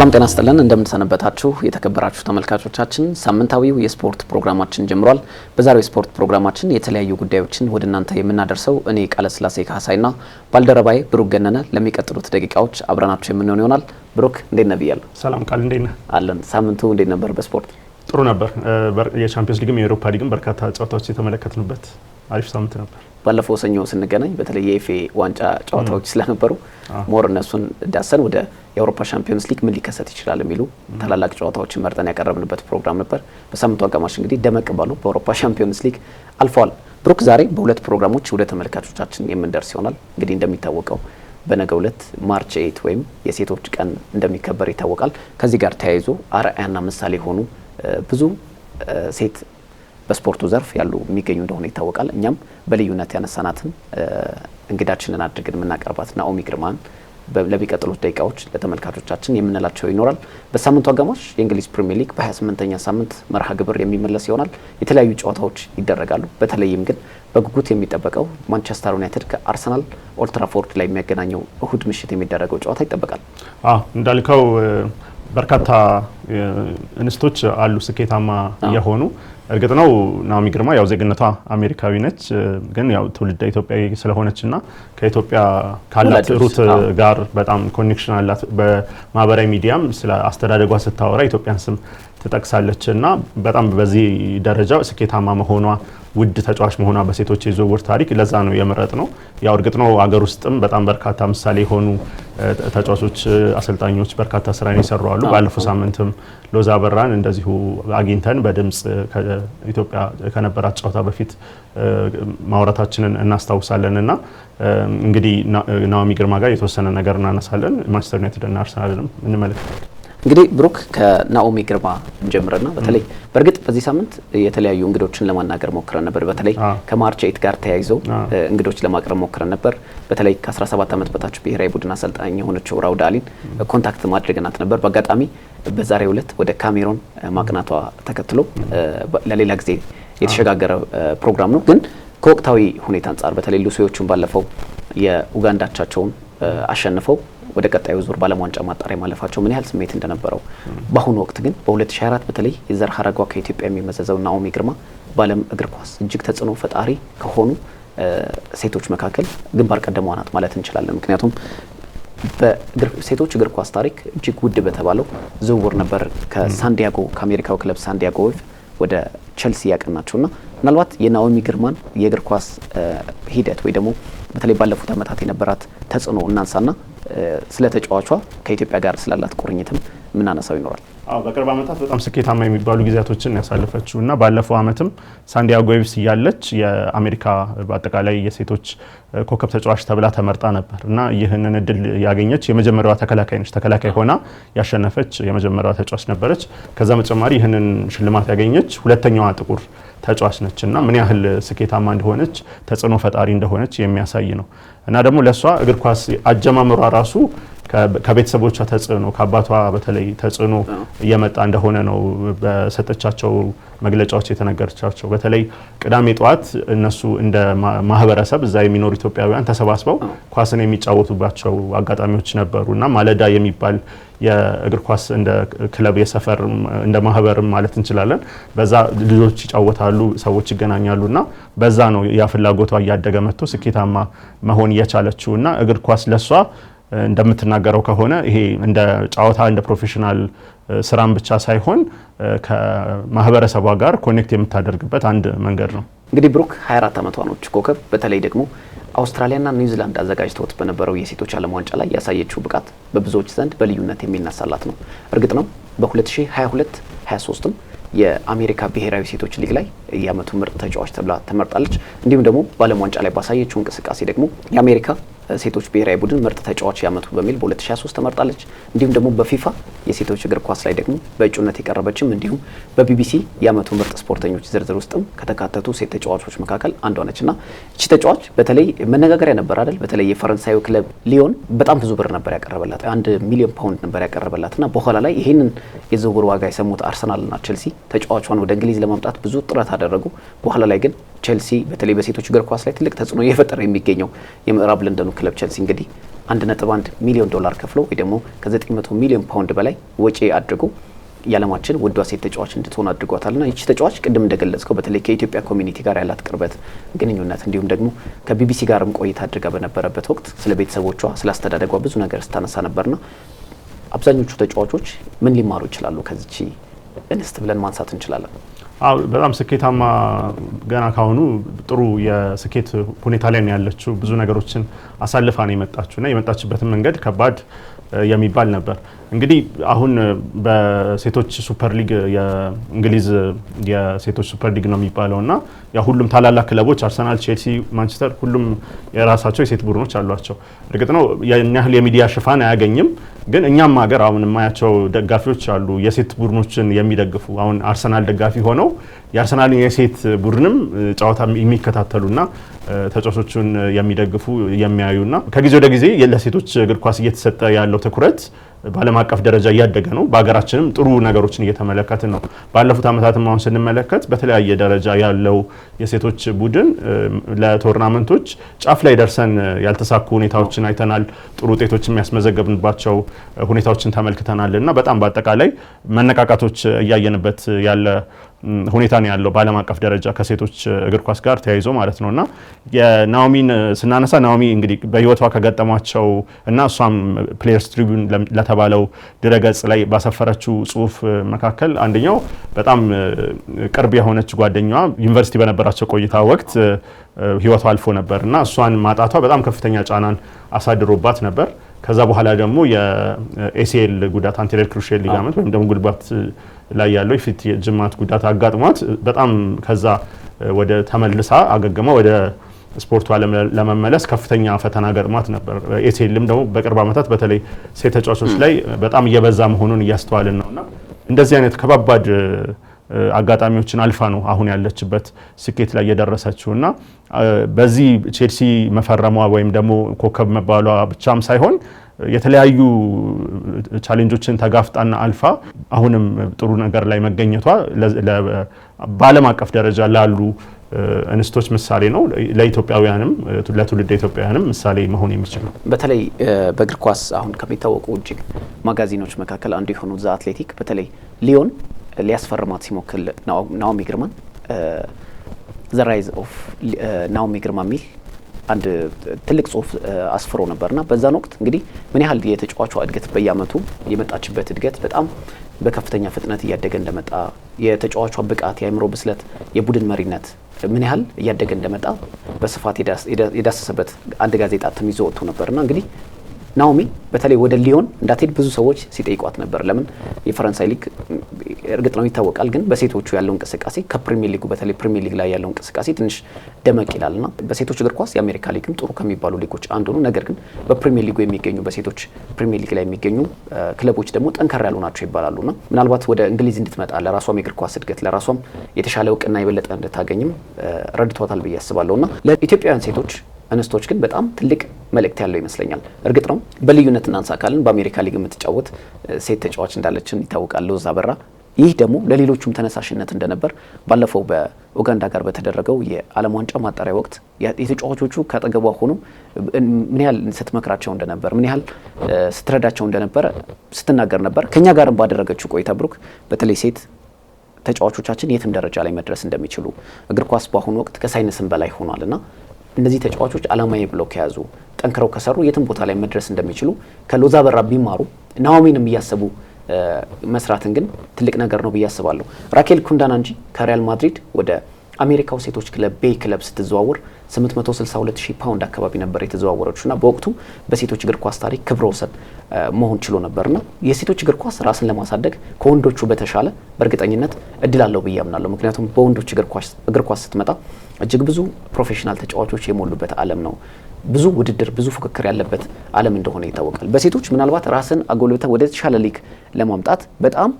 ሰላም ጤና ስጥልን፣ እንደምንሰነበታችሁ የተከበራችሁ ተመልካቾቻችን፣ ሳምንታዊው የስፖርት ፕሮግራማችን ጀምሯል። በዛሬው የስፖርት ፕሮግራማችን የተለያዩ ጉዳዮችን ወደ እናንተ የምናደርሰው እኔ ቃለስላሴ ካሳይና ባልደረባዬ ብሩክ ገነነ ለሚቀጥሉት ደቂቃዎች አብረናችሁ የምንሆን ይሆናል። ብሩክ እንዴት ነህ ብያለሁ። ሰላም ቃል እንዴት ነህ? አለን። ሳምንቱ እንዴት ነበር በስፖርት? ጥሩ ነበር። የቻምፒየንስ ሊግም የአውሮፓ ሊግም በርካታ ጨዋታዎች የተመለከትንበት አሪፍ ሳምንት ነበር። ባለፈው ሰኞ ስንገናኝ በተለይ የኤፌ ዋንጫ ጨዋታዎች ስለነበሩ ሞር እነሱን ዳሰን ወደ የአውሮፓ ሻምፒዮንስ ሊግ ምን ሊከሰት ይችላል የሚሉ ታላላቅ ጨዋታዎችን መርጠን ያቀረብንበት ፕሮግራም ነበር። በሳምንቱ አጋማሽ እንግዲህ ደመቅ ባሉ በአውሮፓ ሻምፒዮንስ ሊግ አልፈዋል። ብሩክ፣ ዛሬ በሁለት ፕሮግራሞች ወደ ተመልካቾቻችን የምንደርስ ይሆናል። እንግዲህ እንደሚታወቀው በነገ ሁለት ማርች ኤይት ወይም የሴቶች ቀን እንደሚከበር ይታወቃል። ከዚህ ጋር ተያይዞ አርአያና ምሳሌ የሆኑ ብዙ ሴት በስፖርቱ ዘርፍ ያሉ የሚገኙ እንደሆነ ይታወቃል። እኛም በልዩነት ያነሳናትን እንግዳችንን አድርገን የምናቀርባት ናኦሚ ግርማን ለሚቀጥሉት ደቂቃዎች ለተመልካቾቻችን የምንላቸው ይኖራል። በሳምንቱ አጋማሽ የእንግሊዝ ፕሪሚየር ሊግ በ28ኛ ሳምንት መርሃ ግብር የሚመለስ ይሆናል። የተለያዩ ጨዋታዎች ይደረጋሉ። በተለይም ግን በጉጉት የሚጠበቀው ማንቸስተር ዩናይትድ ከአርሰናል ኦልትራፎርድ ላይ የሚያገናኘው እሁድ ምሽት የሚደረገው ጨዋታ ይጠበቃል። እንዳልከው በርካታ እንስቶች አሉ ስኬታማ የሆኑ። እርግጥ ነው ናኦሚ ግርማ ያው ዜግነቷ አሜሪካዊ ነች፣ ግን ያው ትውልደ ኢትዮጵያዊ ስለሆነች እና ከኢትዮጵያ ካላት ሩት ጋር በጣም ኮኔክሽን አላት። በማህበራዊ ሚዲያም ስለ አስተዳደጓ ስታወራ ኢትዮጵያን ስም ትጠቅሳለች እና በጣም በዚህ ደረጃ ስኬታማ መሆኗ ውድ ተጫዋች መሆኗ በሴቶች የዝውውር ታሪክ ለዛ ነው የመረጥ ነው። ያው እርግጥ ነው አገር ውስጥም በጣም በርካታ ምሳሌ የሆኑ ተጫዋቾች፣ አሰልጣኞች በርካታ ስራ የሰሩ አሉ። ባለፈው ሳምንትም ሎዛ በራን እንደዚሁ አግኝተን በድምፅ ኢትዮጵያ ከነበራት ጨዋታ በፊት ማውራታችንን እናስታውሳለን። እና እንግዲህ ናኦሚ ግርማ ጋር የተወሰነ ነገር እናነሳለን። ማንቸስተር ዩናይትድ እና አርሰናልንም እንመለከታለን። እንግዲህ ብሩክ ከናኦሚ ግርማ ጀምረና በተለይ በእርግጥ በዚህ ሳምንት የተለያዩ እንግዶችን ለማናገር ሞክረን ነበር። በተለይ ከማርች ኤት ጋር ተያይዘው እንግዶች ለማቅረብ ሞክረን ነበር። በተለይ ከ17 ዓመት በታች ብሔራዊ ቡድን አሰልጣኝ የሆነችው ራውዳሊን ኮንታክት ማድረግናት ነበር። በአጋጣሚ በዛሬው ዕለት ወደ ካሜሮን ማቅናቷ ተከትሎ ለሌላ ጊዜ የተሸጋገረ ፕሮግራም ነው። ግን ከወቅታዊ ሁኔታ አንጻር በተለይ ሉሲዎቹን ባለፈው የኡጋንዳቻቸውን አሸንፈው ወደ ቀጣዩ ዙር በዓለም ዋንጫ ማጣሪያ ማለፋቸው ምን ያህል ስሜት እንደነበረው በአሁኑ ወቅት ግን በ2024 በተለይ የዘር ሀረጓ ከኢትዮጵያ የሚመዘዘው ናኦሚ ግርማ በዓለም እግር ኳስ እጅግ ተጽዕኖ ፈጣሪ ከሆኑ ሴቶች መካከል ግንባር ቀደሟ ናት ማለት እንችላለን። ምክንያቱም በሴቶች እግር ኳስ ታሪክ እጅግ ውድ በተባለው ዝውውር ነበር ከሳንዲያጎ ከአሜሪካው ክለብ ሳንዲያጎ ዌቭ ወደ ቸልሲ ና ምናልባት የናኦሚ ግርማን የእግር ኳስ ሂደት ወይ ደግሞ በተለይ ባለፉት ዓመታት የነበራት ተጽዕኖ እናንሳና ስለ ተጫዋቿ ከኢትዮጵያ ጋር ስላላት ቁርኝትም ምናነሳው ይኖራል። በቅርብ ዓመታት በጣም ስኬታማ የሚባሉ ጊዜያቶችን ያሳለፈችው እና ባለፈው ዓመትም ሳንዲያጎ ኤፍሲ እያለች የአሜሪካ በአጠቃላይ የሴቶች ኮከብ ተጫዋች ተብላ ተመርጣ ነበር እና ይህንን እድል ያገኘች የመጀመሪያዋ ተከላካይ ነች። ተከላካይ ሆና ያሸነፈች የመጀመሪያዋ ተጫዋች ነበረች። ከዛ በተጨማሪ ይህንን ሽልማት ያገኘች ሁለተኛዋ ጥቁር ተጫዋች ነች እና ምን ያህል ስኬታማ እንደሆነች ተጽዕኖ ፈጣሪ እንደሆነች የሚያሳይ ነው። እና ደግሞ ለእሷ እግር ኳስ አጀማመሯ ራሱ ከቤተሰቦቿ ተጽዕኖ ከአባቷ በተለይ ተጽዕኖ እየመጣ እንደሆነ ነው በሰጠቻቸው መግለጫዎች የተነገረቻቸው። በተለይ ቅዳሜ ጠዋት እነሱ እንደ ማህበረሰብ እዛ የሚኖሩ ኢትዮጵያውያን ተሰባስበው ኳስን የሚጫወቱባቸው አጋጣሚዎች ነበሩ እና ማለዳ የሚባል የእግር ኳስ እንደ ክለብ የሰፈር እንደ ማህበር ማለት እንችላለን። በዛ ልጆች ይጫወታሉ፣ ሰዎች ይገናኛሉ እና በዛ ነው ያ ፍላጎቷ እያደገ መጥቶ ስኬታማ መሆን እየቻለችው እና እግር ኳስ ለሷ እንደምትናገረው ከሆነ ይሄ እንደ ጨዋታ እንደ ፕሮፌሽናል ስራም ብቻ ሳይሆን ከማህበረሰቧ ጋር ኮኔክት የምታደርግበት አንድ መንገድ ነው። እንግዲህ ብሩክ 24 ዓመቷ ነች። ኮከብ በተለይ ደግሞ አውስትራሊያና ኒውዚላንድ አዘጋጅተውት በነበረው የሴቶች ዓለም ዋንጫ ላይ ያሳየችው ብቃት በብዙዎች ዘንድ በልዩነት የሚነሳላት ነው። እርግጥ ነው በ2022 23ም የአሜሪካ ብሔራዊ ሴቶች ሊግ ላይ የአመቱ ምርጥ ተጫዋች ተብላ ተመርጣለች። እንዲሁም ደግሞ በዓለም ዋንጫ ላይ ባሳየችው እንቅስቃሴ ደግሞ የአሜሪካ ሴቶች ብሔራዊ ቡድን ምርጥ ተጫዋች ያመጡ በሚል በ2023 ተመርጣለች። እንዲሁም ደግሞ በፊፋ የሴቶች እግር ኳስ ላይ ደግሞ በእጩነት የቀረበችም እንዲሁም በቢቢሲ የአመቱ ምርጥ ስፖርተኞች ዝርዝር ውስጥም ከተካተቱ ሴት ተጫዋቾች መካከል አንዷ ነች እና እቺ ተጫዋች በተለይ መነጋገሪያ ነበር አይደል? በተለይ የፈረንሳዩ ክለብ ሊዮን በጣም ብዙ ብር ነበር ያቀረበላት፣ አንድ ሚሊዮን ፓውንድ ነበር ያቀረበላት እና በኋላ ላይ ይህንን የዝውውር ዋጋ የሰሙት አርሰናልና ቼልሲ ተጫዋቿን ወደ እንግሊዝ ለማምጣት ብዙ ጥረት አደረጉ። በኋላ ላይ ግን ቼልሲ በተለይ በሴቶች እግር ኳስ ላይ ትልቅ ተጽዕኖ እየፈጠረ የሚገኘው የምዕራብ ለንደኑ ክለብ ቼልሲ እንግዲህ አንድ ነጥብ አንድ ሚሊዮን ዶላር ከፍሎ ወይ ደግሞ ከ900 ሚሊዮን ፓውንድ በላይ ወጪ አድርጎ የዓለማችን ውዷ ሴት ተጫዋች እንድትሆን አድርጓታል። ይቺ ተጫዋች ቅድም እንደገለጽከው በተለይ ከኢትዮጵያ ኮሚኒቲ ጋር ያላት ቅርበት ግንኙነት፣ እንዲሁም ደግሞ ከቢቢሲ ጋርም ቆይታ አድርጋ በነበረበት ወቅት ስለ ቤተሰቦቿ፣ ስለ አስተዳደጓ ብዙ ነገር ስታነሳ ነበርና አብዛኞቹ ተጫዋቾች ምን ሊማሩ ይችላሉ ከዚች እንስት ብለን ማንሳት እንችላለን። በጣም ስኬታማ ገና ካሁኑ ጥሩ የስኬት ሁኔታ ላይ ነው ያለችው። ብዙ ነገሮችን አሳልፋ ነው የመጣችው እና የመጣችበትን መንገድ ከባድ የሚባል ነበር። እንግዲህ አሁን በሴቶች ሱፐር ሊግ የእንግሊዝ የሴቶች ሱፐር ሊግ ነው የሚባለው እና ያ ሁሉም ታላላቅ ክለቦች አርሰናል፣ ቼልሲ፣ ማንቸስተር ሁሉም የራሳቸው የሴት ቡድኖች አሏቸው። እርግጥ ነው ያን ያህል የሚዲያ ሽፋን አያገኝም፣ ግን እኛም ሀገር አሁን የማያቸው ደጋፊዎች አሉ የሴት ቡድኖችን የሚደግፉ አሁን አርሰናል ደጋፊ ሆነው የአርሰናልን የሴት ቡድንም ጨዋታ የሚከታተሉና ተጫዋቾቹን የሚደግፉ የሚያዩና ከጊዜ ወደ ጊዜ ለሴቶች እግር ኳስ እየተሰጠ ያለው ትኩረት በዓለም አቀፍ ደረጃ እያደገ ነው። በሀገራችንም ጥሩ ነገሮችን እየተመለከትን ነው። ባለፉት ዓመታትም አሁን ስንመለከት በተለያየ ደረጃ ያለው የሴቶች ቡድን ለቶርናመንቶች ጫፍ ላይ ደርሰን ያልተሳኩ ሁኔታዎችን አይተናል። ጥሩ ውጤቶች የሚያስመዘገብንባቸው ሁኔታዎችን ተመልክተናል እና በጣም በአጠቃላይ መነቃቃቶች እያየንበት ያለ ሁኔታ ነው ያለው በዓለም አቀፍ ደረጃ ከሴቶች እግር ኳስ ጋር ተያይዞ ማለት ነው። እና የናኦሚን ስናነሳ ናኦሚ እንግዲህ በህይወቷ ከገጠሟቸው እና እሷም ፕሌየርስ ትሪቢዩን ለተባለው ድረገጽ ላይ ባሰፈረችው ጽሁፍ መካከል አንደኛው በጣም ቅርብ የሆነች ጓደኛዋ ዩኒቨርሲቲ በነበራቸው ቆይታ ወቅት ህይወቷ አልፎ ነበር እና እሷን ማጣቷ በጣም ከፍተኛ ጫናን አሳድሮባት ነበር። ከዛ በኋላ ደግሞ የኤሲኤል ጉዳት አንቴሪየር ክሩሼል ሊጋመንት ወይም ደግሞ ጉልባት ላይ ያለው የፊት ጅማት ጉዳት አጋጥሟት በጣም ከዛ ወደ ተመልሳ አገግማ ወደ ስፖርቱ ዓለም ለመመለስ ከፍተኛ ፈተና ገጥሟት ነበር። ኤቴልም ደግሞ በቅርብ ዓመታት በተለይ ሴት ተጫዋቾች ላይ በጣም እየበዛ መሆኑን እያስተዋልን እና እንደዚህ አይነት ከባባድ አጋጣሚዎችን አልፋ ነው አሁን ያለችበት ስኬት ላይ የደረሰችው እና በዚህ ቼልሲ መፈረሟ ወይም ደግሞ ኮከብ መባሏ ብቻም ሳይሆን የተለያዩ ቻሌንጆችን ተጋፍጣና አልፋ አሁንም ጥሩ ነገር ላይ መገኘቷ በዓለም አቀፍ ደረጃ ላሉ እንስቶች ምሳሌ ነው። ለኢትዮጵያውያንም ለትውልድ ኢትዮጵያውያንም ምሳሌ መሆን የሚችል ነው። በተለይ በእግር ኳስ አሁን ከሚታወቁ እጅግ ማጋዚኖች መካከል አንዱ የሆኑት ዛ አትሌቲክ በተለይ ሊዮን ሊያስፈርማት ሲሞክል ናኦሚ ግርማን ዘ ራይዝ ኦፍ ናኦሚ ግርማ የሚል አንድ ትልቅ ጽሁፍ አስፍሮ ነበርና በዛን ወቅት እንግዲህ ምን ያህል የተጫዋቿ እድገት በየአመቱ የመጣችበት እድገት በጣም በከፍተኛ ፍጥነት እያደገ እንደመጣ የተጫዋቿ ብቃት፣ የአእምሮ ብስለት፣ የቡድን መሪነት ምን ያህል እያደገ እንደመጣ በስፋት የዳሰሰበት አንድ ጋዜጣ ተይዞ ወጥቶ ነበርና እንግዲህ ናኦሚ በተለይ ወደ ሊዮን እንዳትሄድ ብዙ ሰዎች ሲጠይቋት ነበር። ለምን የፈረንሳይ ሊግ እርግጥ ነው ይታወቃል፣ ግን በሴቶቹ ያለው እንቅስቃሴ ከፕሪሚየር ሊጉ በተለይ ፕሪሚየር ሊግ ላይ ያለው እንቅስቃሴ ትንሽ ደመቅ ይላልና በሴቶች እግር ኳስ የአሜሪካ ሊግም ጥሩ ከሚባሉ ሊጎች አንዱ ነው። ነገር ግን በፕሪሚየር ሊጉ የሚገኙ በሴቶች ፕሪሚየር ሊግ ላይ የሚገኙ ክለቦች ደግሞ ጠንከር ያሉ ናቸው ይባላሉና ምናልባት ወደ እንግሊዝ እንድትመጣ ለራሷም የእግር ኳስ እድገት ለራሷም የተሻለ እውቅና የበለጠ እንድታገኝም ረድቷታል ብዬ ና ለኢትዮጵያውያን ሴቶች እንስቶች ግን በጣም ትልቅ መልእክት ያለው ይመስለኛል። እርግጥ ነው በልዩነት እናንሳ ካልን በአሜሪካ ሊግ የምትጫወት ሴት ተጫዋች እንዳለችን ይታወቃል። ሎዛ በራ ይህ ደግሞ ለሌሎቹም ተነሳሽነት እንደነበር ባለፈው በኡጋንዳ ጋር በተደረገው የዓለም ዋንጫ ማጣሪያ ወቅት የተጫዋቾቹ ከጠገቧ ሆኖ ምን ያህል ስትመክራቸው እንደነበር፣ ምን ያህል ስትረዳቸው እንደነበረ ስትናገር ነበር። ከኛ ጋርም ባደረገችው ቆይታ ብሩክ በተለይ ሴት ተጫዋቾቻችን የትም ደረጃ ላይ መድረስ እንደሚችሉ እግር ኳስ በአሁኑ ወቅት ከሳይንስም በላይ ሆኗል እና እነዚህ ተጫዋቾች አላማዊ ብለው ከያዙ ጠንክረው ከሰሩ የትም ቦታ ላይ መድረስ እንደሚችሉ ከሎዛ በራ ቢማሩ ናኦሚንም እያሰቡ መስራትን ግን ትልቅ ነገር ነው ብዬ አስባለሁ። ራኬል ኩንዳና እንጂ ከሪያል ማድሪድ ወደ አሜሪካው ሴቶች ክለብ ቤይ ክለብ ስትዘዋወር 862 ፓውንድ አካባቢ ነበር የተዘዋወረችው እና በወቅቱ በሴቶች እግር ኳስ ታሪክ ክብረ ወሰን መሆን ችሎ ነበርና የሴቶች እግር ኳስ ራስን ለማሳደግ ከወንዶቹ በተሻለ በእርግጠኝነት እድል አለው ብዬ አምናለሁ። ምክንያቱም በወንዶች እግር ኳስ ስትመጣ እጅግ ብዙ ፕሮፌሽናል ተጫዋቾች የሞሉበት ዓለም ነው። ብዙ ውድድር፣ ብዙ ፉክክር ያለበት ዓለም እንደሆነ ይታወቃል። በሴቶች ምናልባት ራስን አጎልብተ ወደ ተሻለ ሊግ ለማምጣት በጣም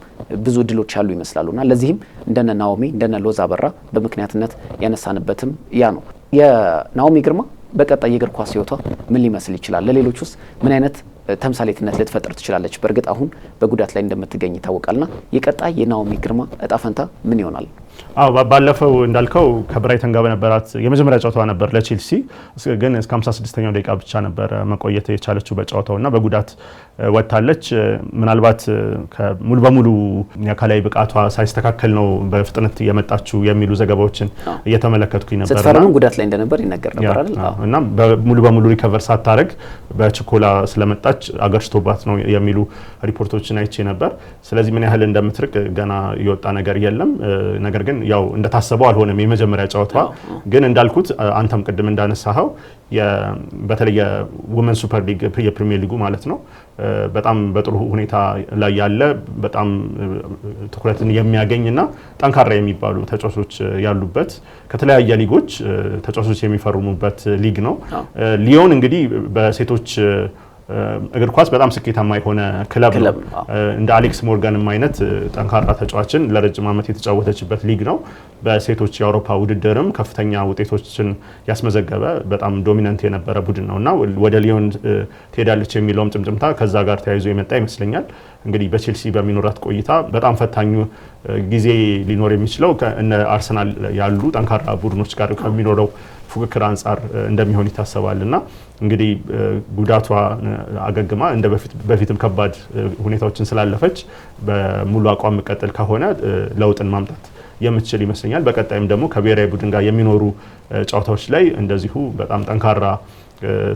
ብዙ እድሎች ያሉ ይመስላሉና ለዚህም እንደነ ናኦሚ እንደነ ሎዛ በራ በምክንያትነት ያነሳንበትም ያ ነው። የናኦሚ ግርማ በቀጣይ የእግር ኳስ ህይወቷ ምን ሊመስል ይችላል? ለሌሎች ውስጥ ምን አይነት ተምሳሌትነት ልትፈጥር ትችላለች? በእርግጥ አሁን በጉዳት ላይ እንደምትገኝ ይታወቃልና የቀጣይ የናኦሚ ግርማ እጣ ፈንታ ምን ይሆናል? አዎ ባለፈው እንዳልከው ከብራይተን ጋር በነበራት የመጀመሪያ ጨዋታዋ ነበር ለቼልሲ ግን እስከ 56ኛው ደቂቃ ብቻ ነበር መቆየት የቻለችው በጨዋታው እና በጉዳት ወጥታለች። ምናልባት ሙሉ በሙሉ የአካላዊ ብቃቷ ሳይስተካከል ነው በፍጥነት የመጣችው የሚሉ ዘገባዎችን እየተመለከትኩኝ ነበር። ጉዳት ላይ እንደነበር ይነገር ነበር እና ሙሉ በሙሉ ሪከቨር ሳታረግ በችኮላ ስለመጣች አገርሽቶባት ነው የሚሉ ሪፖርቶችን አይቼ ነበር። ስለዚህ ምን ያህል እንደምትርቅ ገና የወጣ ነገር የለም ነገር ግን ያው እንደታሰበው አልሆነም የመጀመሪያ ጨዋታ ግን እንዳልኩት አንተም ቅድም እንዳነሳኸው በተለይ የውመን ሱፐር ሊግ የፕሪሚየር ሊጉ ማለት ነው በጣም በጥሩ ሁኔታ ላይ ያለ በጣም ትኩረትን የሚያገኝና ጠንካራ የሚባሉ ተጫዋቾች ያሉበት ከተለያየ ሊጎች ተጫዋቾች የሚፈርሙበት ሊግ ነው። ሊዮን እንግዲህ በሴቶች እግር ኳስ በጣም ስኬታማ የሆነ ክለብ ነው። እንደ አሌክስ ሞርጋንም አይነት ጠንካራ ተጫዋችን ለረጅም ዓመት የተጫወተችበት ሊግ ነው። በሴቶች የአውሮፓ ውድድርም ከፍተኛ ውጤቶችን ያስመዘገበ በጣም ዶሚነንት የነበረ ቡድን ነው እና ወደ ሊዮን ትሄዳለች የሚለውም ጭምጭምታ ከዛ ጋር ተያይዞ የመጣ ይመስለኛል። እንግዲህ በቼልሲ በሚኖራት ቆይታ በጣም ፈታኙ ጊዜ ሊኖር የሚችለው እነ አርሰናል ያሉ ጠንካራ ቡድኖች ጋር ከሚኖረው ፉክክር አንጻር እንደሚሆን ይታሰባል እና እንግዲህ ጉዳቷ አገግማ እንደ በፊትም ከባድ ሁኔታዎችን ስላለፈች በሙሉ አቋም መቀጠል ከሆነ ለውጥን ማምጣት የምትችል ይመስለኛል። በቀጣይም ደግሞ ከብሔራዊ ቡድን ጋር የሚኖሩ ጨዋታዎች ላይ እንደዚሁ በጣም ጠንካራ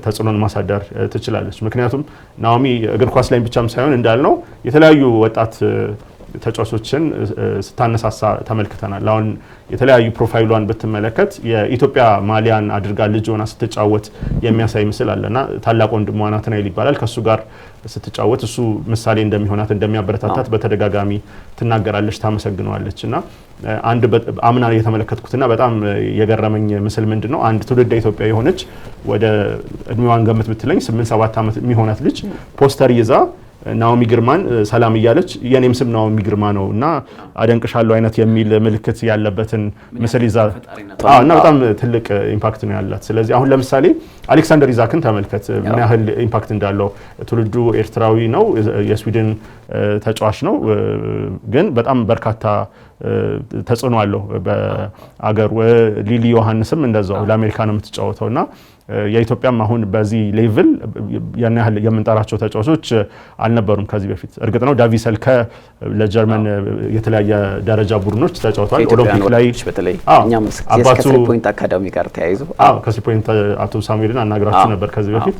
ተጽዕኖን ማሳደር ትችላለች። ምክንያቱም ናኦሚ እግር ኳስ ላይ ብቻም ሳይሆን እንዳልነው የተለያዩ ወጣት ተጫዋቾችን ስታነሳሳ ተመልክተናል። አሁን የተለያዩ ፕሮፋይሏን ብትመለከት የኢትዮጵያ ማሊያን አድርጋ ልጅ ሆና ስትጫወት የሚያሳይ ምስል አለና ታላቅ ወንድሟ ናትናኤል ይባላል። ከእሱ ጋር ስትጫወት እሱ ምሳሌ እንደሚሆናት እንደሚያበረታታት በተደጋጋሚ ትናገራለች፣ ታመሰግነዋለች። እና አንድ አምና የተመለከትኩትና በጣም የገረመኝ ምስል ምንድን ነው? አንድ ትውልደ ኢትዮጵያ የሆነች ወደ እድሜዋን ገምት ብትለኝ ስምንት ሰባት ዓመት የሚሆናት ልጅ ፖስተር ይዛ ናኦሚ ግርማን ሰላም እያለች የኔም ስም ናኦሚ ግርማ ነው እና አደንቅሻለሁ አይነት የሚል ምልክት ያለበትን ምስል ይዛ እና በጣም ትልቅ ኢምፓክት ነው ያላት። ስለዚህ አሁን ለምሳሌ አሌክሳንደር ኢዛክን ተመልከት፣ ምን ያህል ኢምፓክት እንዳለው። ትውልዱ ኤርትራዊ ነው፣ የስዊድን ተጫዋች ነው፣ ግን በጣም በርካታ ተጽዕኖ አለው በአገሩ። ሊሊ ዮሐንስም እንደዛው ለአሜሪካ ነው የምትጫወተው እና የኢትዮጵያም አሁን በዚህ ሌቭል ያን ያህል የምንጠራቸው ተጫዋቾች አልነበሩም ከዚህ በፊት። እርግጥ ነው ዳቪ ሰልከ ለጀርመን የተለያየ ደረጃ ቡድኖች ተጫውተዋል። ኦሎምፒክ ላይ አባቱ ከስሪ ፖይንት አካዳሚ ጋር ተያይዞ ከስሪ ፖይንት አቶ ሳሙኤልን አናግራችሁ ነበር ከዚህ በፊት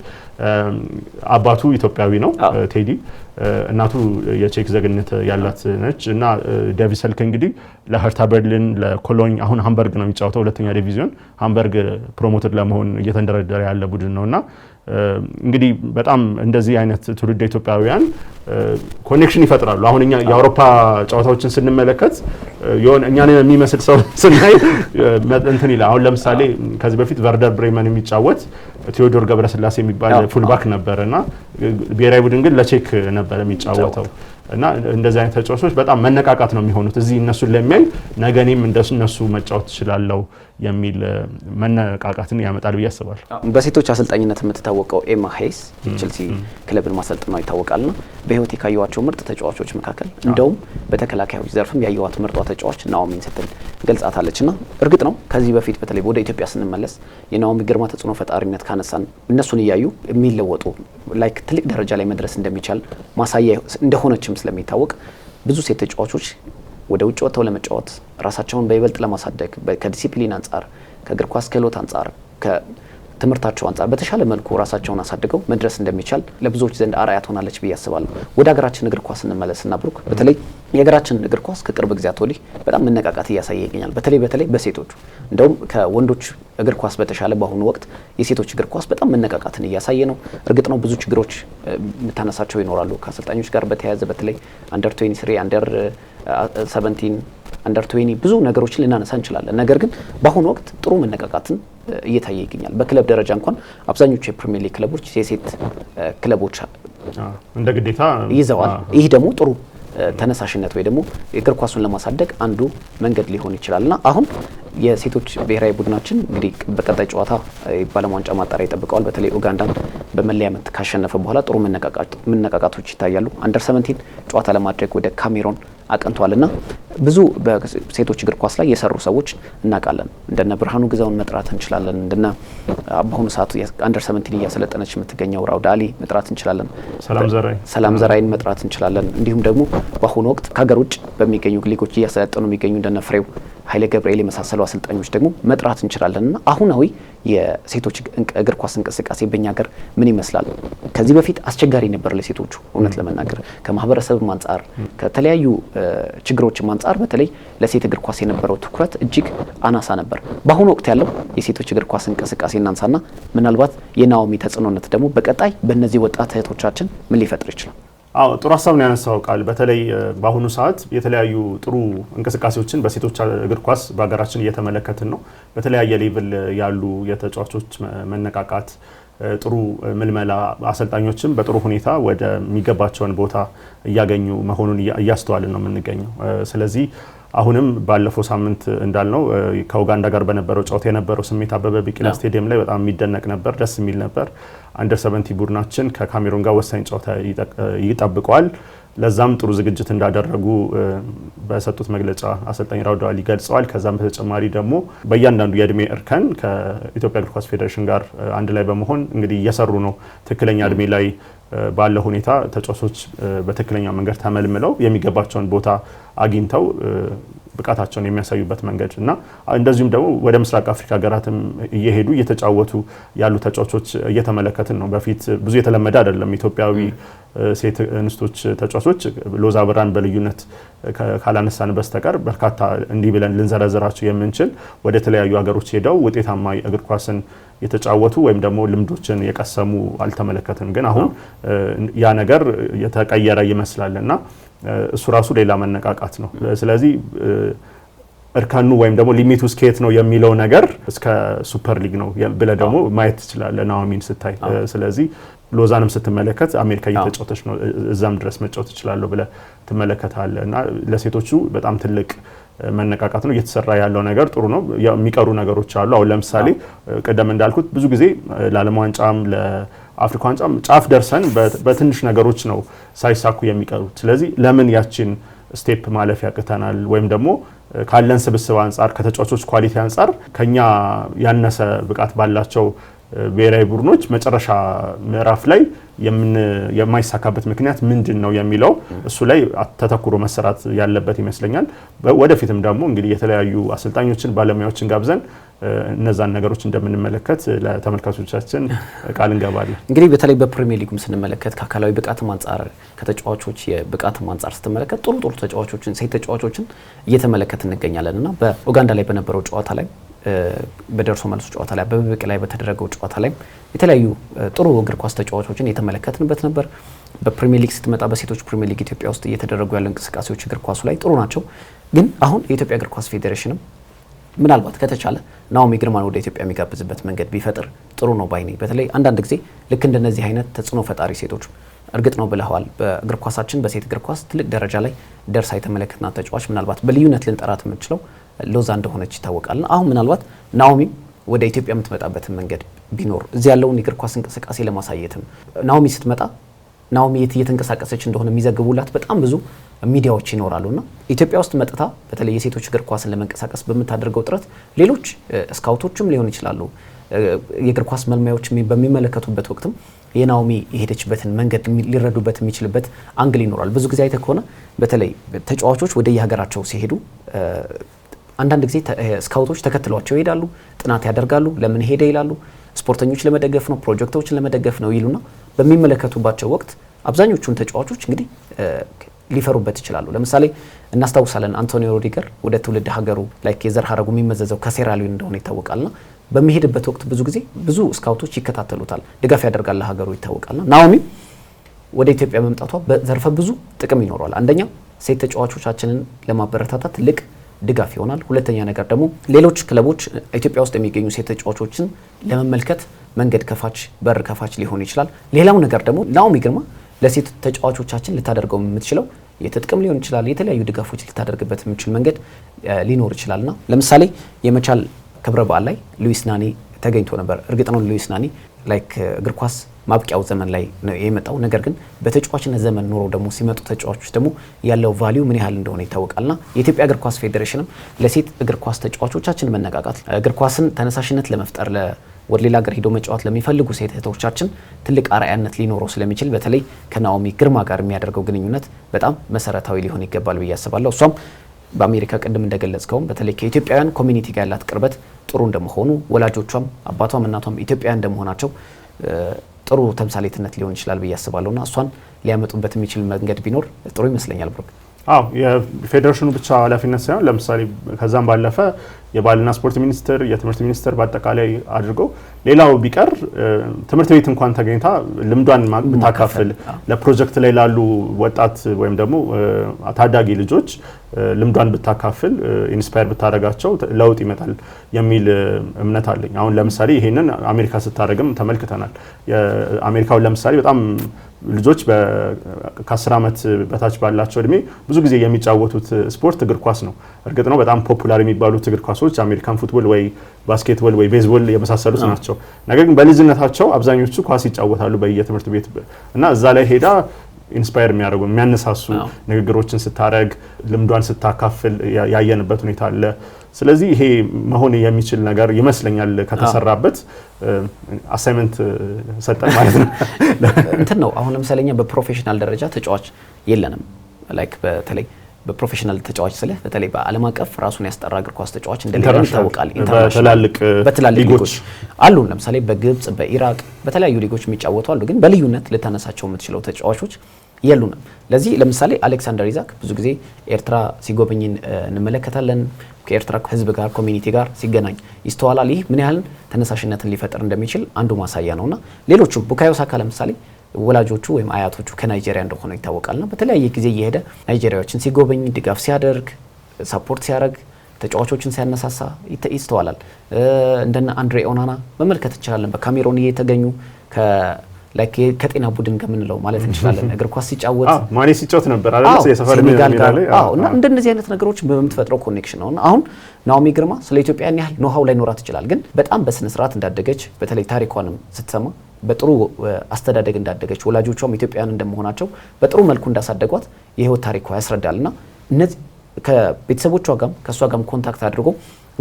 አባቱ ኢትዮጵያዊ ነው ቴዲ፣ እናቱ የቼክ ዜግነት ያላት ነች እና ዴቪድ ሰልክ እንግዲህ ለሀርታ በርሊን፣ ለኮሎኝ አሁን ሃምበርግ ነው የሚጫወተው ሁለተኛ ዲቪዚዮን ሃምበርግ ፕሮሞትድ ለመሆን እየተንደረደረ ያለ ቡድን ነው እና እንግዲህ በጣም እንደዚህ አይነት ትውልድ ኢትዮጵያውያን ኮኔክሽን ይፈጥራሉ። አሁን እኛ የአውሮፓ ጨዋታዎችን ስንመለከት የሆነ እኛን የሚመስል ሰው ስናይ እንትን ይላል። አሁን ለምሳሌ ከዚህ በፊት ቨርደር ብሬመን የሚጫወት ቴዎዶር ገብረስላሴ የሚባል ፉልባክ ነበር እና ብሔራዊ ቡድን ግን ለቼክ ነበር የሚጫወተው እና እንደዚህ አይነት ተጫዋቾች በጣም መነቃቃት ነው የሚሆኑት እዚህ እነሱን ለሚያይ ነገ እኔም መጫወት እችላለሁ የሚል መነቃቃትን ያመጣል ብዬ አስባለሁ። በሴቶች አሰልጣኝነት የምትታወቀው ኤማ ሄይስ ቼልሲ ክለብን ይታወቃል ና በህይወት የካየዋቸው ምርጥ ተጫዋቾች መካከል እንደውም በተከላካዮች ዘርፍም ያየዋት ምርጧ ተጫዋች ናኦሚን ስትል ገልጻታለች። ና እርግጥ ነው ከዚህ በፊት በተለይ ወደ ኢትዮጵያ ስንመለስ የናኦሚ ግርማ ተጽዕኖ ፈጣሪነት ካነሳን እነሱን እያዩ የሚለወጡ ላይክ ትልቅ ደረጃ ላይ መድረስ እንደሚቻል ማሳያ እንደሆነችም ስለሚታወቅ ብዙ ሴት ተጫዋቾች ወደ ውጭ ወጥተው ለመጫወት ራሳቸውን በይበልጥ ለማሳደግ ከዲሲፕሊን አንጻር ከእግር ኳስ ክህሎት አንጻር ትምህርታቸው አንጻር በተሻለ መልኩ ራሳቸውን አሳድገው መድረስ እንደሚቻል ለብዙዎች ዘንድ አርአያ ትሆናለች ብዬ አስባለሁ። ወደ ሀገራችን እግር ኳስ እንመለስና ብሩክ፣ በተለይ የሀገራችን እግር ኳስ ከቅርብ ጊዜያት ወዲህ በጣም መነቃቃት እያሳየ ይገኛል። በተለይ በተለይ በሴቶቹ እንደውም ከወንዶች እግር ኳስ በተሻለ በአሁኑ ወቅት የሴቶች እግር ኳስ በጣም መነቃቃትን እያሳየ ነው። እርግጥ ነው ብዙ ችግሮች የምታነሳቸው ይኖራሉ ከአሰልጣኞች ጋር በተያያዘ በተለይ አንደር ትዌንቲ አንደር ሰቨንቲን አንደር ትዌኒ ብዙ ነገሮችን ልናነሳ እንችላለን። ነገር ግን በአሁኑ ወቅት ጥሩ መነቃቃትን እየታየ ይገኛል። በክለብ ደረጃ እንኳን አብዛኞቹ የፕሪሚየር ሊግ ክለቦች የሴት ክለቦች እንደ ግዴታ ይዘዋል። ይህ ደግሞ ጥሩ ተነሳሽነት ወይ ደግሞ እግር ኳሱን ለማሳደግ አንዱ መንገድ ሊሆን ይችላል እና አሁን የሴቶች ብሔራዊ ቡድናችን እንግዲህ በቀጣይ ጨዋታ የዓለም ዋንጫ ማጣሪያ ይጠብቀዋል። በተለይ ኡጋንዳን በመለያ ምት ካሸነፈ በኋላ ጥሩ መነቃቃቶች ይታያሉ። አንደር ሰቨንቲን ጨዋታ ለማድረግ ወደ ካሜሮን አቅንቷል እና ብዙ በሴቶች እግር ኳስ ላይ የሰሩ ሰዎች እናውቃለን። እንደነ ብርሃኑ ግዛውን መጥራት እንችላለን። እንደነ በአሁኑ ሰዓት አንደር ሰቨንቲን እያሰለጠነች የምትገኘው ራውዳ አሊ መጥራት እንችላለን። ሰላም ዘራይን መጥራት እንችላለን። እንዲሁም ደግሞ በአሁኑ ወቅት ከሀገር ውጭ በሚገኙ ሊጎች እያሰለጠኑ የሚገኙ እንደነ ፍሬው ኃይለ ገብርኤል የመሳሰሉ አሰልጣኞች ደግሞ መጥራት እንችላለን። ና አሁናዊ የሴቶች እግር ኳስ እንቅስቃሴ በእኛ ሀገር ምን ይመስላል? ከዚህ በፊት አስቸጋሪ ነበር ለሴቶቹ እውነት ለመናገር ከማህበረሰብም አንጻር ከተለያዩ ችግሮችም አንጻር በተለይ ለሴት እግር ኳስ የነበረው ትኩረት እጅግ አናሳ ነበር። በአሁኑ ወቅት ያለው የሴቶች እግር ኳስ እንቅስቃሴ እናንሳና ምናልባት የናኦሚ ተጽዕኖነት ደግሞ በቀጣይ በእነዚህ ወጣት እህቶቻችን ምን ሊፈጥር ይችላል? አዎ ጥሩ ሀሳብ ነው ያነሳው ቃል። በተለይ በአሁኑ ሰዓት የተለያዩ ጥሩ እንቅስቃሴዎችን በሴቶች እግር ኳስ በሀገራችን እየተመለከትን ነው። በተለያየ ሌቭል ያሉ የተጫዋቾች መነቃቃት፣ ጥሩ ምልመላ፣ አሰልጣኞችም በጥሩ ሁኔታ ወደሚገባቸውን ቦታ እያገኙ መሆኑን እያስተዋልን ነው የምንገኘው። ስለዚህ አሁንም ባለፈው ሳምንት እንዳልነው ከኡጋንዳ ጋር በነበረው ጨዋታ የነበረው ስሜት አበበ ቢቂላ ስቴዲየም ላይ በጣም የሚደነቅ ነበር፣ ደስ የሚል ነበር። አንደር ሰቨንቲ ቡድናችን ከካሜሩን ጋር ወሳኝ ጨዋታ ይጠብቀዋል። ለዛም ጥሩ ዝግጅት እንዳደረጉ በሰጡት መግለጫ አሰልጣኝ ራውዳ አሊ ገልጸዋል። ከዛም በተጨማሪ ደግሞ በእያንዳንዱ የእድሜ እርከን ከኢትዮጵያ እግር ኳስ ፌዴሬሽን ጋር አንድ ላይ በመሆን እንግዲህ እየሰሩ ነው። ትክክለኛ እድሜ ላይ ባለ ሁኔታ ተጫዋቾች በትክክለኛ መንገድ ተመልምለው የሚገባቸውን ቦታ አግኝተው ብቃታቸውን የሚያሳዩበት መንገድ እና እንደዚሁም ደግሞ ወደ ምስራቅ አፍሪካ ሀገራትም እየሄዱ እየተጫወቱ ያሉ ተጫዋቾች እየተመለከትን ነው። በፊት ብዙ የተለመደ አይደለም። ኢትዮጵያዊ ሴት እንስቶች ተጫዋቾች ሎዛ ብራን በልዩነት ካላነሳን በስተቀር በርካታ እንዲህ ብለን ልንዘረዝራቸው የምንችል ወደ ተለያዩ ሀገሮች ሄደው ውጤታማ እግር ኳስን የተጫወቱ ወይም ደግሞ ልምዶችን የቀሰሙ አልተመለከትም። ግን አሁን ያ ነገር የተቀየረ ይመስላል እና እሱ ራሱ ሌላ መነቃቃት ነው። ስለዚህ እርከኑ ወይም ደግሞ ሊሚቱ እስከየት ነው የሚለው ነገር እስከ ሱፐር ሊግ ነው ብለህ ደግሞ ማየት ትችላለህ ኑዋሚን ስታይ ስለዚህ ሎዛንም ስትመለከት አሜሪካ እየተጫወተች ነው፣ እዛም ድረስ መጫወት እችላለሁ ብለህ ትመለከታለህ። እና ለሴቶቹ በጣም ትልቅ መነቃቃት ነው። እየተሰራ ያለው ነገር ጥሩ ነው። የሚቀሩ ነገሮች አሉ። አሁን ለምሳሌ ቅደም እንዳልኩት ብዙ ጊዜ ለዓለም ዋንጫም ለአፍሪካ ዋንጫም ጫፍ ደርሰን በትንሽ ነገሮች ነው ሳይሳኩ የሚቀሩት። ስለዚህ ለምን ያችን ስቴፕ ማለፍ ያቅተናል? ወይም ደግሞ ካለን ስብስብ አንጻር ከተጫዋቾች ኳሊቲ አንጻር ከኛ ያነሰ ብቃት ባላቸው ብሔራዊ ቡድኖች መጨረሻ ምዕራፍ ላይ የማይሳካበት ምክንያት ምንድን ነው የሚለው እሱ ላይ ተተኩሮ መሰራት ያለበት ይመስለኛል። ወደፊትም ደግሞ እንግዲህ የተለያዩ አሰልጣኞችን ባለሙያዎችን ጋብዘን እነዛን ነገሮች እንደምንመለከት ለተመልካቾቻችን ቃል እንገባለን። እንግዲህ በተለይ በፕሪሚየር ሊጉም ስንመለከት ከአካላዊ ብቃትም አንጻር ከተጫዋቾች የብቃትም አንጻር ስትመለከት ጥሩ ጥሩ ተጫዋቾችን ሴት ተጫዋቾችን እየተመለከት እንገኛለን እና በኡጋንዳ ላይ በነበረው ጨዋታ ላይ በደርሶ መልሶ ጨዋታ ላይ አበበ ቢቂላ ላይ በተደረገው ጨዋታ ላይ የተለያዩ ጥሩ እግር ኳስ ተጫዋቾችን የተመለከትንበት ነበር። በፕሪሚየር ሊግ ስትመጣ በሴቶች ፕሪሚየር ሊግ ኢትዮጵያ ውስጥ እየተደረጉ ያሉ እንቅስቃሴዎች እግር ኳሱ ላይ ጥሩ ናቸው። ግን አሁን የኢትዮጵያ እግር ኳስ ፌዴሬሽንም ምናልባት ከተቻለ ናኦሚ ግርማን ወደ ኢትዮጵያ የሚጋብዝበት መንገድ ቢፈጥር ጥሩ ነው ባይኔ በተለይ አንዳንድ ጊዜ ልክ እንደነዚህ አይነት ተጽዕኖ ፈጣሪ ሴቶች እርግጥ ነው ብለዋል። በእግር ኳሳችን በሴት እግር ኳስ ትልቅ ደረጃ ላይ ደርሳ የተመለከትናት ተጫዋች ምናልባት በልዩነት ልንጠራት የምንችለው ሎዛ እንደሆነች ይታወቃልና አሁን ምናልባት ናኦሚ ወደ ኢትዮጵያ የምትመጣበትን መንገድ ቢኖር እዚህ ያለውን የእግር ኳስ እንቅስቃሴ ለማሳየትም ናኦሚ ስትመጣ ናኦሚ የት እየተንቀሳቀሰች እንደሆነ የሚዘግቡላት በጣም ብዙ ሚዲያዎች ይኖራሉና ኢትዮጵያ ውስጥ መጥታ በተለይ የሴቶች እግር ኳስን ለመንቀሳቀስ በምታደርገው ጥረት ሌሎች ስካውቶችም ሊሆን ይችላሉ የእግር ኳስ መልማዮች በሚመለከቱበት ወቅትም የናኦሚ የሄደችበትን መንገድ ሊረዱበት የሚችልበት አንግል ይኖራል። ብዙ ጊዜ አይተህ ከሆነ በተለይ ተጫዋቾች ወደ የሀገራቸው ሲሄዱ አንዳንድ ጊዜ ስካውቶች ተከትሏቸው ይሄዳሉ፣ ጥናት ያደርጋሉ። ለምን ሄደ ይላሉ። ስፖርተኞች ለመደገፍ ነው፣ ፕሮጀክቶችን ለመደገፍ ነው ይሉና በሚመለከቱባቸው ወቅት አብዛኞቹን ተጫዋቾች እንግዲህ ሊፈሩበት ይችላሉ። ለምሳሌ እናስታውሳለን አንቶኒዮ ሩዲገር ወደ ትውልድ ሀገሩ ላይ የዘር ሀረጉ የሚመዘዘው ከሴራሊዮን እንደሆነ ይታወቃልና በሚሄድበት ወቅት ብዙ ጊዜ ብዙ ስካውቶች ይከታተሉታል፣ ድጋፍ ያደርጋል ለሀገሩ ይታወቃልና ናኦሚ ወደ ኢትዮጵያ መምጣቷ በዘርፈ ብዙ ጥቅም ይኖረዋል። አንደኛ ሴት ተጫዋቾቻችንን ለማበረታታት ትልቅ ድጋፍ ይሆናል። ሁለተኛ ነገር ደግሞ ሌሎች ክለቦች ኢትዮጵያ ውስጥ የሚገኙ ሴት ተጫዋቾችን ለመመልከት መንገድ ከፋች በር ከፋች ሊሆን ይችላል። ሌላው ነገር ደግሞ ናኦሚ ግርማ ለሴት ተጫዋቾቻችን ልታደርገው የምትችለው የትጥቅም ሊሆን ይችላል፣ የተለያዩ ድጋፎች ልታደርግበት የምችል መንገድ ሊኖር ይችላልና ለምሳሌ የመቻል ክብረ በዓል ላይ ሉዊስ ናኒ ተገኝቶ ነበር። እርግጥ ነው ሉዊስ ናኒ ላይክ እግር ኳስ ማብቂያው ዘመን ላይ ነው የመጣው። ነገር ግን በተጫዋችነት ዘመን ኑሮ ደግሞ ሲመጡ ተጫዋቾች ደግሞ ያለው ቫሊዩ ምን ያህል እንደሆነ ይታወቃልና የኢትዮጵያ እግር ኳስ ፌዴሬሽንም ለሴት እግር ኳስ ተጫዋቾቻችን መነቃቃት እግር ኳስን ተነሳሽነት ለመፍጠር ወደ ሌላ ሀገር ሄዶ መጫወት ለሚፈልጉ ሴት እህቶቻችን ትልቅ አርአያነት ሊኖረው ስለሚችል በተለይ ከናኦሚ ግርማ ጋር የሚያደርገው ግንኙነት በጣም መሰረታዊ ሊሆን ይገባል ብዬ አስባለሁ። እሷም በአሜሪካ ቅድም እንደገለጽከውም በተለይ ከኢትዮጵያውያን ኮሚኒቲ ጋር ያላት ቅርበት ጥሩ እንደመሆኑ ወላጆቿም አባቷም እናቷም ኢትዮጵያውያን እንደመሆናቸው ጥሩ ተምሳሌትነት ሊሆን ይችላል ብዬ አስባለሁ። ና እሷን ሊያመጡበት የሚችል መንገድ ቢኖር ጥሩ ይመስለኛል ብሩክ። አዎ የፌዴሬሽኑ ብቻ ኃላፊነት ሳይሆን ለምሳሌ ከዛም ባለፈ የባህልና ስፖርት ሚኒስትር፣ የትምህርት ሚኒስትር በአጠቃላይ አድርገው ሌላው ቢቀር ትምህርት ቤት እንኳን ተገኝታ ልምዷን ብታካፍል ለፕሮጀክት ላይ ላሉ ወጣት ወይም ደግሞ ታዳጊ ልጆች ልምዷን ብታካፍል ኢንስፓየር ብታደረጋቸው ለውጥ ይመጣል የሚል እምነት አለኝ። አሁን ለምሳሌ ይሄንን አሜሪካ ስታደረግም ተመልክተናል። የአሜሪካውን ለምሳሌ በጣም ልጆች ከአስር ዓመት በታች ባላቸው እድሜ ብዙ ጊዜ የሚጫወቱት ስፖርት እግር ኳስ ነው። እርግጥ ነው በጣም ፖፑላር የሚባሉት እግር ኳስ ኳሶች አሜሪካን ፉትቦል ወይ ባስኬትቦል ወይ ቤዝቦል የመሳሰሉት ናቸው። ነገር ግን በልጅነታቸው አብዛኞቹ ኳስ ይጫወታሉ በየትምህርት ቤት እና እዛ ላይ ሄዳ ኢንስፓየር የሚያደርጉ የሚያነሳሱ ንግግሮችን ስታደረግ ልምዷን ስታካፍል ያየንበት ሁኔታ አለ። ስለዚህ ይሄ መሆን የሚችል ነገር ይመስለኛል ከተሰራበት። አሳይመንት ሰጠን ማለት ነው። እንትን ነው አሁን ለምሳሌ እኛ በፕሮፌሽናል ደረጃ ተጫዋች የለንም ላይክ በተለይ በፕሮፌሽናል ተጫዋች ስለ በተለይ በዓለም አቀፍ ራሱን ያስጠራ እግር ኳስ ተጫዋች እንደሌለን ይታወቃል። በትላልቅ ሊጎች አሉ። ለምሳሌ በግብጽ፣ በኢራቅ በተለያዩ ሊጎች የሚጫወቱ አሉ። ግን በልዩነት ልታነሳቸው የምትችለው ተጫዋቾች የሉንም። ለዚህ ለምሳሌ አሌክሳንደር ኢዛክ ብዙ ጊዜ ኤርትራ ሲጎበኝ እንመለከታለን። ከኤርትራ ህዝብ ጋር ኮሚኒቲ ጋር ሲገናኝ ይስተዋላል። ይህ ምን ያህል ተነሳሽነትን ሊፈጥር እንደሚችል አንዱ ማሳያ ነውና ሌሎቹም ቡካዮ ሳካ ለምሳሌ ወላጆቹ ወይም አያቶቹ ከናይጄሪያ እንደሆነ ና በተለያየ ጊዜ እየሄደ ናይጄሪያዎችን ሲጎበኝ ድጋፍ ሲያደርግ ሰፖርት ሲያደርግ ተጫዋቾችን ሲያነሳሳ ይስተዋላል። እንደነ አንድሬ ኦናና መመልከት እንችላለን። በካሜሮን የተገኙ ከጤና ቡድን ከምንለው ማለት እንችላለን እግር ኳስ ሲጫወት ማኔ ሲጫወት ነበር ሴኔጋል ጋር እና እንደነዚህ አይነት ነገሮች በምትፈጥረው ኮኔክሽን ነው። አሁን ናኦሚ ግርማ ስለ ኢትዮጵያን ያህል ኖሃው ላይ ኖራት ይችላል፣ ግን በጣም በስነስርዓት እንዳደገች በተለይ ታሪኳንም ስትሰማ በጥሩ አስተዳደግ እንዳደገች ወላጆቿም ኢትዮጵያውያን እንደመሆናቸው በጥሩ መልኩ እንዳሳደጓት የህይወት ታሪኳ ያስረዳል እና እነዚህ ከቤተሰቦቿ ጋም ከእሷ ጋም ኮንታክት አድርጎ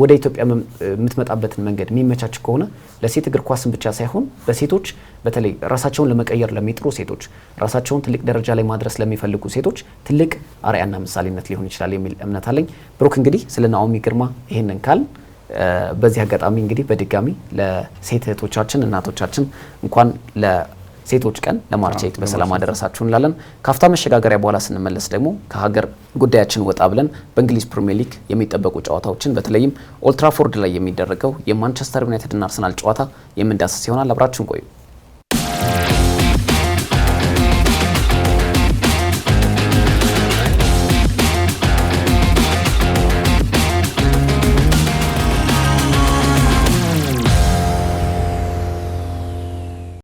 ወደ ኢትዮጵያ የምትመጣበትን መንገድ የሚመቻች ከሆነ ለሴት እግር ኳስን ብቻ ሳይሆን በሴቶች በተለይ ራሳቸውን ለመቀየር ለሚጥሩ ሴቶች፣ ራሳቸውን ትልቅ ደረጃ ላይ ማድረስ ለሚፈልጉ ሴቶች ትልቅ አርአያና ምሳሌነት ሊሆን ይችላል የሚል እምነት አለኝ። ብሩክ እንግዲህ ስለ ናኦሚ ግርማ ይህንን ካል በዚህ አጋጣሚ እንግዲህ በድጋሚ ለሴት እህቶቻችን እናቶቻችን እንኳን ለሴቶች ቀን ለማርች ኤይት በሰላም አደረሳችሁ እንላለን። ካፍታ መሸጋገሪያ በኋላ ስንመለስ ደግሞ ከሀገር ጉዳያችን ወጣ ብለን በእንግሊዝ ፕሪሚየር ሊግ የሚጠበቁ ጨዋታዎችን በተለይም ኦልትራፎርድ ላይ የሚደረገው የማንቸስተር ዩናይትድና አርሰናል ጨዋታ የምንዳስስ ይሆናል። አብራችሁን ቆዩ።